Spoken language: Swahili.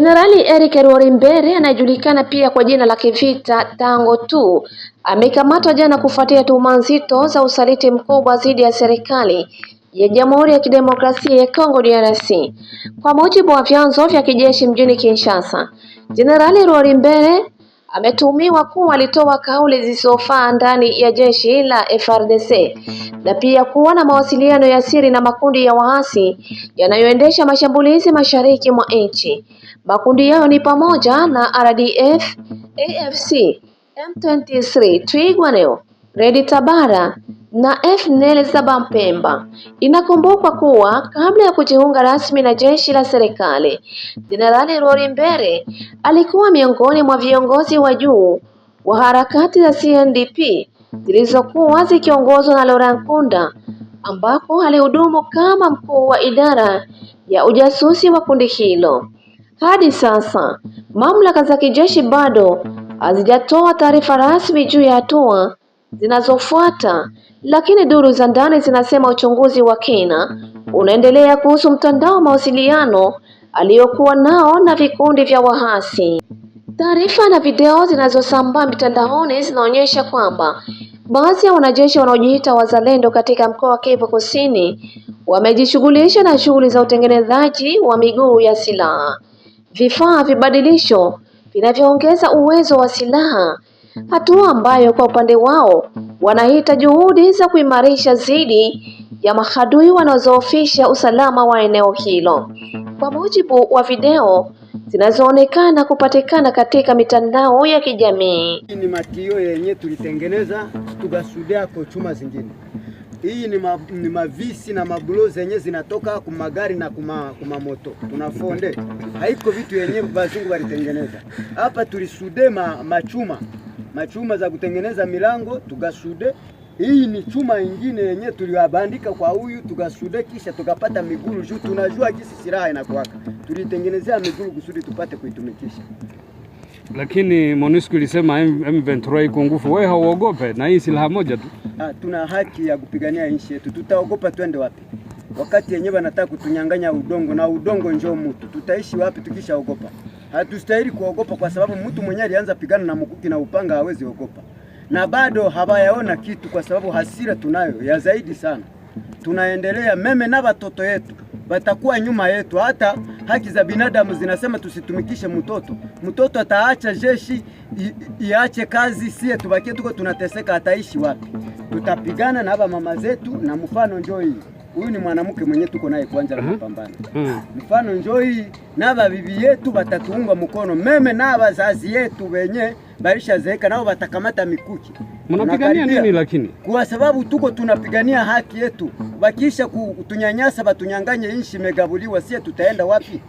Jenerali Eric Rorimbere anayejulikana pia kwa jina la kivita Tango tu amekamatwa jana kufuatia tuhuma nzito za usaliti mkubwa dhidi ya serikali ya Jamhuri ya Kidemokrasia ya Kongo DRC. Kwa mujibu wa vyanzo vya kijeshi mjini Kinshasa, Jenerali Rorimbere ametuhumiwa kuwa alitoa kauli zisizofaa ndani ya jeshi la frdc na pia kuwa na mawasiliano ya siri na makundi ya waasi yanayoendesha mashambulizi mashariki mwa nchi. Makundi yao ni pamoja na RDF, AFC, M23, Twigwaneo, Red Tabara na FNL Mpemba. Inakumbukwa kuwa kabla ya kujiunga rasmi na jeshi la serikali, Jenerali Rory Mbere alikuwa miongoni mwa viongozi wa juu wa harakati za CNDP zilizokuwa zikiongozwa na Laurent Nkunda ambako alihudumu kama mkuu wa idara ya ujasusi wa kundi hilo. Hadi sasa mamlaka za kijeshi bado hazijatoa taarifa rasmi juu ya hatua zinazofuata, lakini duru za ndani zinasema uchunguzi wa kina unaendelea kuhusu mtandao wa mawasiliano aliyokuwa nao na vikundi vya wahasi. Taarifa na video zinazosambaa mitandaoni zinaonyesha kwamba baadhi ya wanajeshi wanaojiita wazalendo katika mkoa wa Kivu Kusini wamejishughulisha na shughuli za utengenezaji wa miguu ya silaha vifaa vibadilisho vinavyoongeza uwezo wa silaha, hatua ambayo kwa upande wao wanaita juhudi za kuimarisha dhidi ya mahadui wanaozoofisha usalama wa eneo hilo. Kwa mujibu wa video zinazoonekana kupatikana katika mitandao ya kijamii, ni matio yenye tulitengeneza tukasudia kwa chuma zingine hii ni, ma, ni mavisi na mablo zenye zinatoka kumagari na kuma, kuma moto tunafonde, haiko vitu yenye bazungu walitengeneza hapa. Tulisude ma, machuma machuma za kutengeneza milango tugasude Hii ni chuma ingine yenye tuliwabandika kwa huyu tukasude, kisha tukapata miguru juu tunajua jinsi silaha inakuwaka. Tulitengenezea miguru kusudi tupate kuitumikisha. Lakini MONUSCO ilisema M23 iko nguvu, wewe hauogope na hii silaha moja tu. Ah, tuna haki ya kupigania nchi yetu, tutaogopa twende wapi? Wakati yenyewe wanataka kutunyang'anya udongo na udongo njoo mtu, tutaishi wapi tukishaogopa? Hatustahili kuogopa kwa sababu mtu mwenyewe alianza pigana na mkuki na upanga hawezi ogopa, na bado hawayaona kitu kwa sababu hasira tunayo ya zaidi sana, tunaendelea meme na watoto yetu batakuwa nyuma yetu. Hata haki za binadamu zinasema tusitumikishe mtoto. Mtoto ataacha jeshi, iache kazi, sie tubakie tuko tunateseka, ataishi wapi? Tutapigana na aba mama zetu, na mfano njo hii Huyu ni mwanamke mwenye tuko naye kuanja hmm. na mapambano. Mfano hii na babibi yetu batatuunga mkono, meme na bazazi yetu wenye baishazeeka nao watakamata mikuki. Mnapigania nini lakini? Kwa sababu tuko tunapigania haki yetu, wakiisha kutunyanyasa, batunyanganye inshi megabuliwa sie tutaenda wapi?